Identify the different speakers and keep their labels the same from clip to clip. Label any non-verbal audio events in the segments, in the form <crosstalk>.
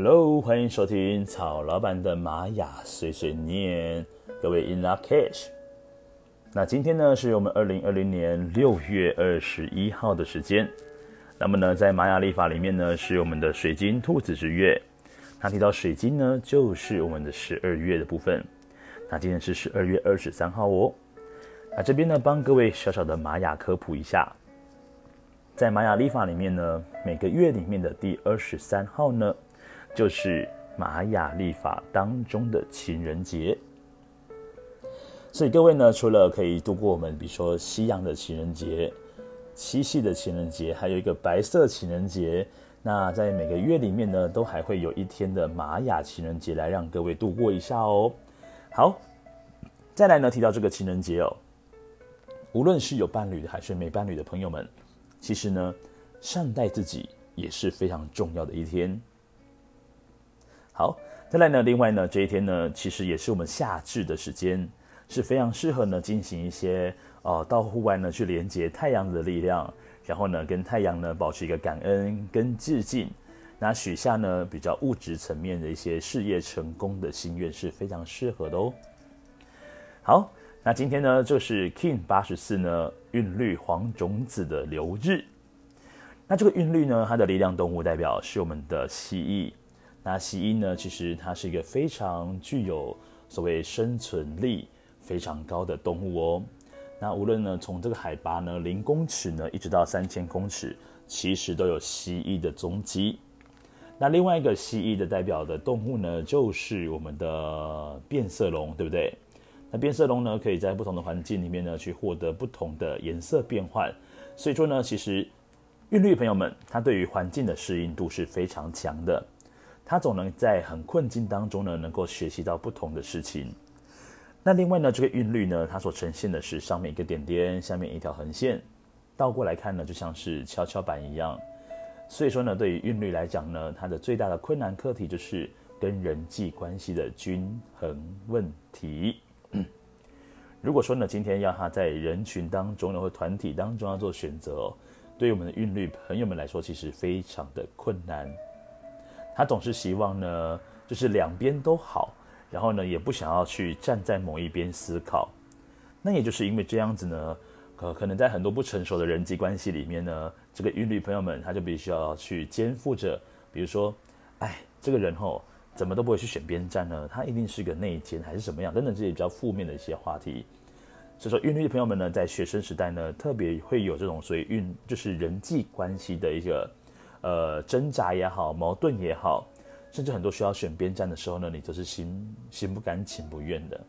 Speaker 1: Hello，歡迎收聽草老板的瑪雅碎碎念，各位 In lak'ech。那今天呢，是我們二零二零年六月二十一號的時間。那麼呢，在瑪雅曆法裡面呢，是我們的水晶兔子之月。那提到水晶呢，就是我們的十二月的部分。那今天是十二月二十三號哦。那這邊呢，幫各位小小的瑪雅科普一下，在瑪雅曆法裡面呢，每個月裡面的第二十三號呢。就是瑪雅曆法當中的情人節，所以各位呢，除了可以度過我們比如說西洋的情人節、七夕的情人節，還有一個白色情人節。那在每個月裡面呢，都還會有一天的瑪雅情人節來讓各位度過一下哦。好，再來呢，提到這個情人節哦，無論是有伴侶的還是沒伴侶的朋友們，其實呢，善待自己也是非常重要的一天。好，再來呢，另外呢，這一天呢，其實也是我們夏至的時間，是非常適合呢進行一些呃到戶外呢去連接太陽的力量，然後呢跟太陽呢保持一個感恩跟致敬，那許下呢比較物質層面的一些事業成功的心願是非常適合的哦。好，那今天呢就是 kin 八十四呢，韻律黃種子的流日，那這個韻律呢，它的力量動物代表是我們的蜥蜴。那蜥蜴呢，其實它是一個非常具有所謂生存力非常高的動物哦。那無論呢從這個海拔呢零公尺呢，一直到三千公尺，其實都有蜥蜴的蹤跡。那另外一個蜥蜴的代表的動物呢，就是我們的變色龍，對不對？那變色龍呢，可以在不同的環境裡面呢去獲得不同的顏色變換。所以說呢，其實韻律朋友們，它對於環境的適應度是非常強的。他總能在很困境當中呢，能夠學習到不同的事情。那另外呢，這個韻律呢，它所呈現的是上面一個點點，下面一條橫線，倒過來看呢，就像是蹺蹺板一樣。所以說呢，對於韻律來講呢，它的最大的困難課題就是跟人際關係的均衡問題。 <coughs> 如果說呢，今天要他在人群當中呢，或團體當中要做選擇哦，對於我們的韻律朋友們來說，其實非常的困難。他總是希望呢，就是兩邊都好，然後呢，也不想要去站在某一邊思考。那也就是因為這樣子呢，可、呃、可能在很多不成熟的人際關係裡面呢，這個韻律朋友們，他就必須要去肩負着，比如說，哎，這個人哦，怎麼都不會去選邊站呢？他一定是個內奸還是什麼樣？等等這些比較負面的一些話題。所以說，韻律的朋友們呢，在學生時代呢，特別會有這種所以韻就是人際關係的一個。呃，掙扎也好，矛盾也好，甚至很多需要選邊站的時候呢，你就是心心不甘情不願的。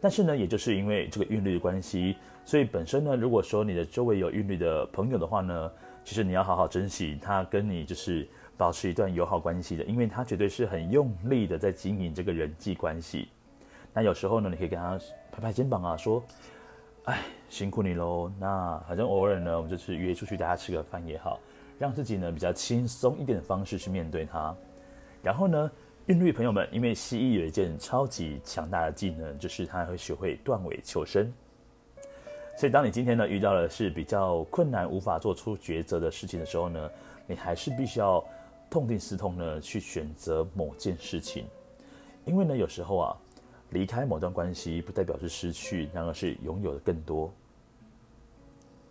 Speaker 1: 但是呢，也就是因為這個韻律的關係，所以本身呢，如果說你的周圍有韻律的朋友的話呢，其實你要好好珍惜他跟你就是保持一段友好關係的，因為他絕對是很用力的在經營這個人際關係。那有時候呢，你可以跟他拍拍肩膀啊，說：“哎，辛苦你嘍。”那反正偶爾呢，我們就是約出去大家吃個飯也好。讓自己呢比較輕鬆一點的方式去面對它，然後呢，韻律朋友們，因為蜥蜴有一件超級強大的技能，就是它會學會斷尾求生。所以，當你今天呢遇到了，是比較困難、無法做出抉擇的事情的時候呢，你還是必須要痛定思痛呢，去選擇某件事情。因為呢，有時候啊，離開某段關係不代表是失去，然而是擁有的更多。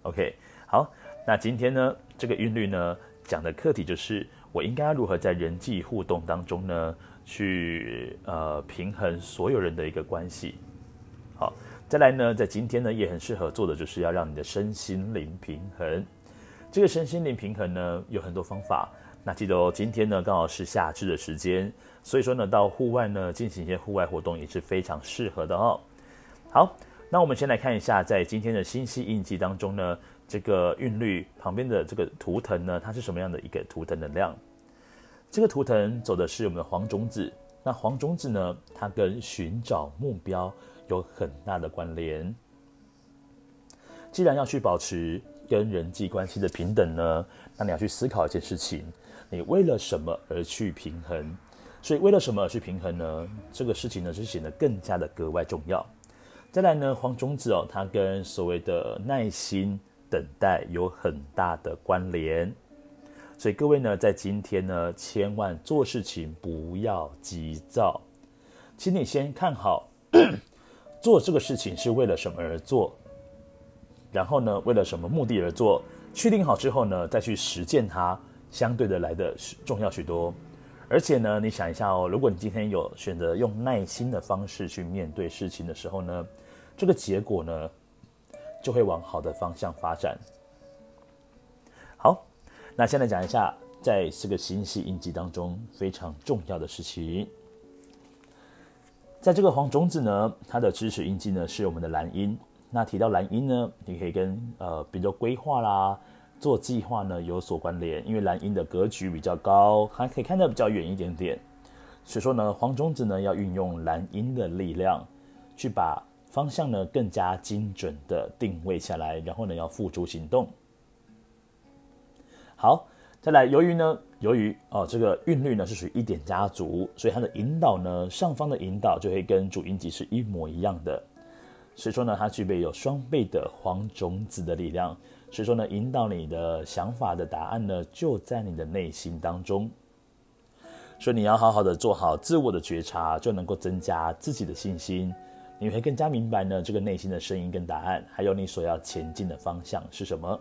Speaker 1: OK，好，那今天呢，這個韻律呢，講的課題就是我應該要如何在人際互動當中呢，去呃平衡所有人的一個關係。好，再來呢，在今天呢也很適合做的就是要讓你的身心靈平衡。這個身心靈平衡呢有很多方法，那記得哦，今天呢剛好是夏至的時間，所以說呢到戶外呢進行一些戶外活動也是非常適合的哦。好，那我們先來看一下在今天的星系印記當中呢。這個韻律旁邊的這個圖騰呢，它是什麼樣的一個圖騰能量？這個圖騰走的是我們的黃種子。那黃種子呢，它跟尋找目標有很大的關聯。既然要去保持跟人際關係的平等呢，那你要去思考一件事情：你為了什麼而去平衡？所以，為了什麼而去平衡呢？這個事情呢，就顯得更加的格外重要。再來呢，黃種子哦，它跟所謂的耐心，等待有很大的關聯，所以各位呢，在今天呢，千萬做事情不要急躁，請你先看好 <coughs> 做這個事情是為了什麼而做，然後呢，為了什麼目的而做，確定好之後呢，再去實踐它，相對的來的重要許多。而且呢，你想一下哦，如果你今天有選擇用耐心的方式去面對事情的時候呢，這個結果呢？就會往好的方向發展。好，那先來講一下在這個星系印記當中非常重要的事情。在這個黃種子呢，它的支持印記呢是我們的藍鷹。那提到藍鷹呢，你可以跟呃，比如說規劃啦、做計劃呢有所關聯，因為藍鷹的格局比較高，還可以看得比較遠一點點。所以說呢，黃種子呢要運用藍鷹的力量去把。方向呢更加精準的定位下來，然後呢要付諸行動。好，再來，由於呢由於哦這個韻律呢是屬於一點家族，所以它的引導呢，上方的引導就會跟主印記是一模一樣的，所以說呢它具備有雙倍的黃種子的力量，所以說呢引導你的想法的答案呢就在你的內心當中，所以你要好好的做好自我的覺察，就能夠增加自己的信心。你會更加明白呢，這個內心的聲音跟答案，還有你所要前進的方向是什麼。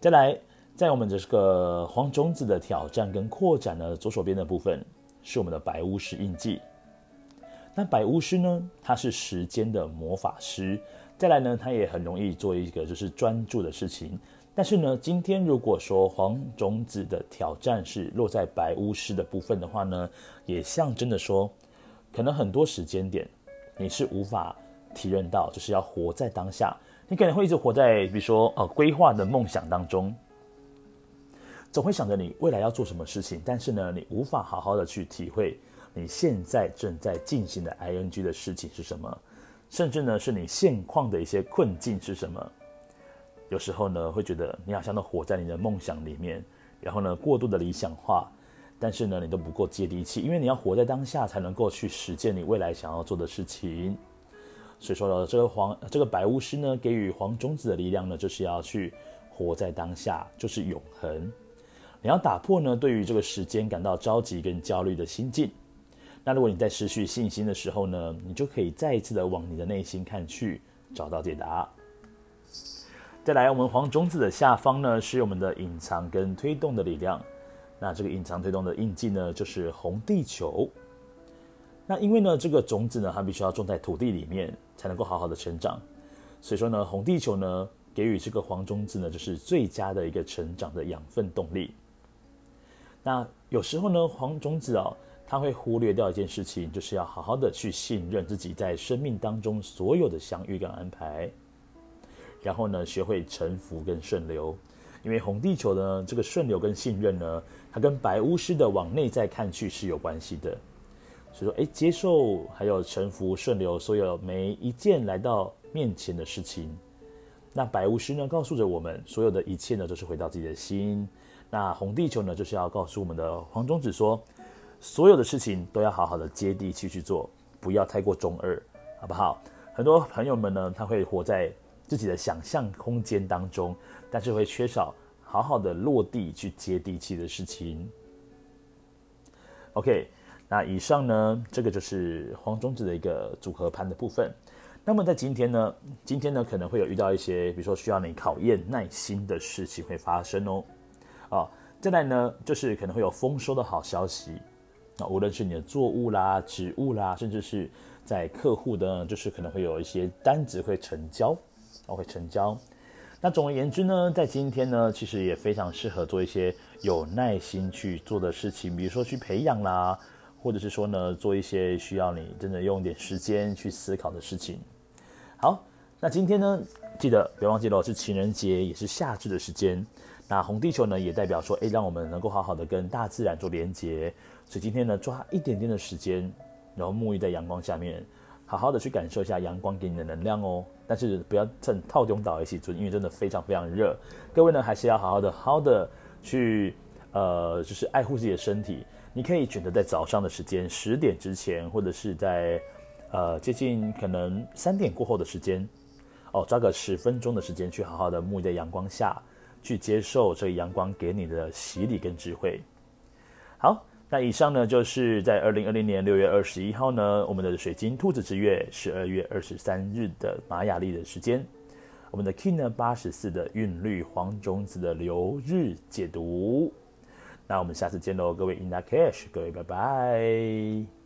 Speaker 1: 再來，在我們這個黃種子的挑戰跟擴展呢，左手邊的部分是我們的白巫師印記。那白巫師呢，他是時間的魔法師。再來呢，他也很容易做一個就是專注的事情。但是呢，今天如果說黃種子的挑戰是落在白巫師的部分的話呢，也象徵著說，可能很多時間點。你是無法體認到，就是要活在當下。你可能會一直活在，比如說，呃，規劃的夢想當中，總會想着你未來要做什麼事情。但是呢，你無法好好的去體會你現在正在進行的 ing 的事情是什麼，甚至呢，是你現況的一些困境是什麼。有時候呢，會覺得你好像都活在你的夢想裡面，然後呢，過度的理想化。但是呢，你都不夠接地氣，因為你要活在當下，才能夠去實踐你未來想要做的事情。所以說呢，這個黃，這個白巫師呢，給予黃種子的力量呢，就是要去活在當下，就是永恆。你要打破呢，對於這個時間感到着急跟焦慮的心境。那如果你在失去信心的時候呢，你就可以再一次的往你的內心看去，找到解答。再來，我們黃種子的下方呢，是我們的隱藏跟推動的力量。那這個隱藏推動的印記呢，就是紅地球。那因為呢，這個種子呢，它必須要種在土地裡面才能夠好好的成長。所以說呢，紅地球呢，給予這個黃種子呢，就是最佳的一個成長的養分動力。那有時候呢，黃種子哦，他會忽略掉一件事情，就是要好好的去信任自己在生命當中所有的相遇跟安排，然後呢，學會臣服跟順流。因為紅地球呢，這個順流跟信任呢，它跟白巫師的往內在看去是有關係的。所以說，誒，接受還有臣服順流，所有每一件來到面前的事情。那白巫師呢，告訴着我們，所有的一切呢，都、就是回到自己的心。那紅地球呢，就是要告訴我們的黃種子說，所有的事情都要好好的接地氣去做，不要太過中二，好不好？很多朋友們呢，他會活在。自己的想象空間當中，但是會缺少好好的落地去接地氣的事情。OK，那以上呢，這個就是黃種子的一個組合盤的部分。那麼在今天呢，今天呢可能會有遇到一些，比如說需要你考驗耐心的事情會發生哦。啊、哦，再來呢就是可能會有豐收的好消息。那、哦、無論是你的作物啦、植物啦，甚至是在客戶的，就是可能會有一些單子會成交。都會成交。那總而言之呢，在今天呢，其實也非常適合做一些有耐心去做的事情，比如說去培養啦，或者是說呢，做一些需要你真的用點時間去思考的事情。好，那今天呢，記得別忘記了，是情人節，也是夏至的時間。那紅地球呢，也代表說，誒，讓我們能夠好好的跟大自然做連結。所以今天呢，抓一點點的時間，然後沐浴在陽光下面，好好的去感受一下陽光給你的能量哦。但是不要趁套中島一起做，因為真的非常非常熱。各位呢，還是要好好的、好好的去，呃，就是愛護自己的身體。你可以選擇在早上的時間十點之前，或者是在呃接近可能三點過後的時間，哦，抓個十分鐘的時間去好好的沐浴在陽光下，去接受這陽光給你的洗禮跟智慧。好。那以上呢，就是在二零二零年六月二十一號呢，我們的水晶兔子之月十二月二十三日的馬雅曆的時間，我們的 Kin 呢八十四的韻律黃種子的流日解讀。那我們下次見嘍，各位 In Lak'ech，各位拜拜。